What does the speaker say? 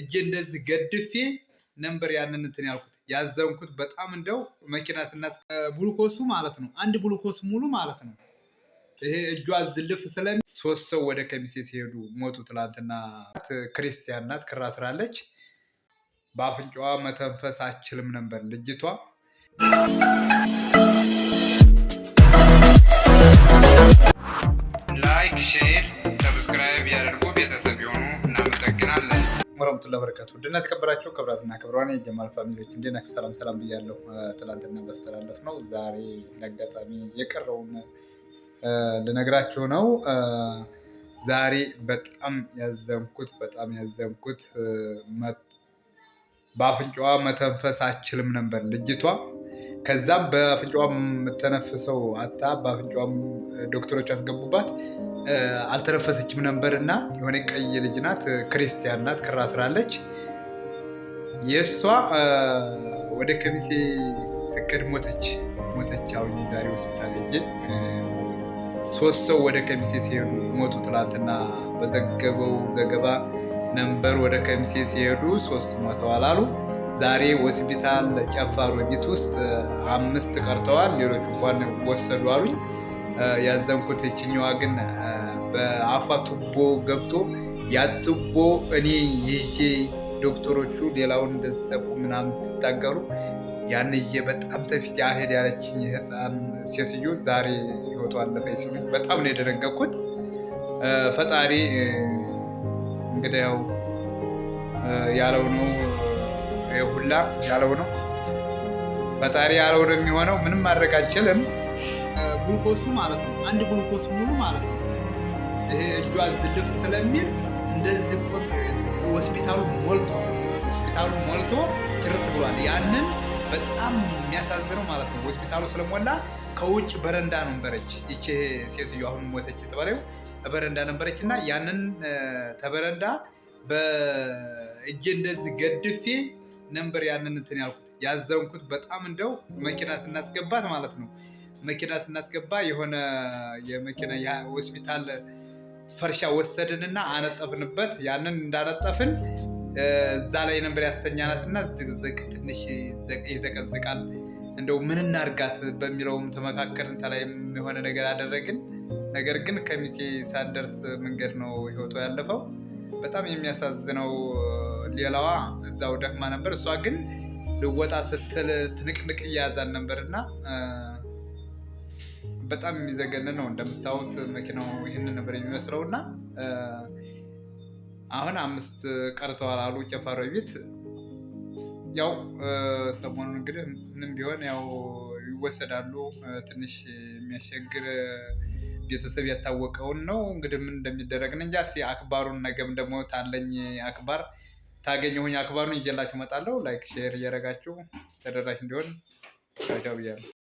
እጅ እንደዚህ ገድፌ ነበር ያንን እንትን ያልኩት ያዘንኩት። በጣም እንደው መኪና ስናስ ብሉኮሱ ማለት ነው አንድ ብሉኮስ ሙሉ ማለት ነው። ይሄ እጇ ዝልፍ ስለሚ ሶስት ሰው ወደ ከሚሴ ሲሄዱ ሞቱ። ትላንትና ክርስቲያን ናት ክራ ስራለች። በአፍንጫዋ መተንፈስ አችልም ነበር ልጅቷ። ወራህመቱላሂ ወበረካቱ ውድና የተከበራቸው ክብራትና ክብሯን የጀማል ፋሚሊዎች እንዴናችሁ? ሰላም ሰላም ብያለሁ። ትላንትና በስተላለፍ ነው። ዛሬ ለአጋጣሚ የቀረውን ልነግራችሁ ነው። ዛሬ በጣም ያዘንኩት በጣም ያዘንኩት በአፍንጫዋ መተንፈስ አችልም ነበር ልጅቷ ከዛም በአፍንጫዋም የምተነፍሰው አታ በአፍንጫዋም ዶክተሮች አስገቡባት። አልተነፈሰችም ነበር እና የሆነ ቀይ ልጅ ናት፣ ክርስቲያን ናት፣ ክራ ስራለች። የእሷ ወደ ከሚሴ ስክድ ሞተች ሞተች። አሁን ዛሬ ሆስፒታል ሄጄ ሶስት ሰው ወደ ከሚሴ ሲሄዱ ሞቱ። ትላንትና በዘገበው ዘገባ ነንበር ወደ ከሚሴ ሲሄዱ ሶስት ሞተዋል አሉ። ዛሬ ሆስፒታል ጨፋሮ ቤት ውስጥ አምስት ቀርተዋል። ሌሎች እንኳን ወሰዱ አሉኝ። ያዘንኩት ይችኛዋ ግን በአፏ ቱቦ ገብቶ ያ ቱቦ እኔ ይዤ ዶክተሮቹ ሌላውን እንደሰፉ ምናምን ትታገሩ ያን ይዤ በጣም ተፊት ያሄድ ያለችኝ ህፃን ሴትዮ ዛሬ ህይወቷ አለፈ ሲሉኝ በጣም ነው የደነገኩት። ፈጣሪ እንግዲያው ያለው ነው ሁላ ያለው ነው። ፈጣሪ ያለው ነው የሚሆነው። ምንም ማድረግ አልችልም። ግሉኮሱ ማለት ነው አንድ ግሉኮስ ሙሉ ማለት ነው። ይሄ እጇ ዝልፍ ስለሚል እንደዚህ ሆስፒታሉ ሞልቶ ሆስፒታሉ ሞልቶ ጭርስ ብሏል። ያንን በጣም የሚያሳዝነው ማለት ነው ሆስፒታሉ ስለሞላ ከውጭ በረንዳ ነበረች። ይቺ ሴትዮ አሁን ሞተች ጥበሬው በረንዳ ነበረች እና ያንን ተበረንዳ በእጅ እንደዚህ ገድፌ ነንበር ያንን እንትን ያልኩት ያዘንኩት በጣም እንደው መኪና ስናስገባት ማለት ነው መኪና ስናስገባ የሆነ የመኪና የሆስፒታል ፈርሻ ወሰድንና አነጠፍንበት። ያንን እንዳነጠፍን እዛ ላይ ያስተኛናት ያስተኛናትና ዝቅዝቅ ትንሽ ይዘቀዝቃል፣ እንደው ምን እናርጋት በሚለውም ተመካከርን። ተላይም የሆነ ነገር አደረግን። ነገር ግን ከሚሴ ሳንደርስ መንገድ ነው ህይወቷ ያለፈው። በጣም የሚያሳዝነው ሌላዋ እዛው ደክማ ነበር። እሷ ግን ልወጣ ስትል ትንቅንቅ እያያዛን ነበር እና በጣም የሚዘገን ነው እንደምታዩት መኪናው ይህንን ነበር የሚመስለው እና አሁን አምስት ቀርተዋል አሉ ጨፋሮ ቤት ያው ሰሞኑን እንግዲህ ምንም ቢሆን ያው ይወሰዳሉ ትንሽ የሚያስቸግር ቤተሰብ ያታወቀውን ነው እንግዲህ ምን እንደሚደረግ እንጃ። አክባሩን ነገም ደግሞ ታለኝ አክባር ታገኘ ሁኝ አክባሩን ይዤላችሁ እመጣለሁ። ላይክ ሼር እያደረጋችሁ ተደራሽ እንዲሆን ብያለሁ።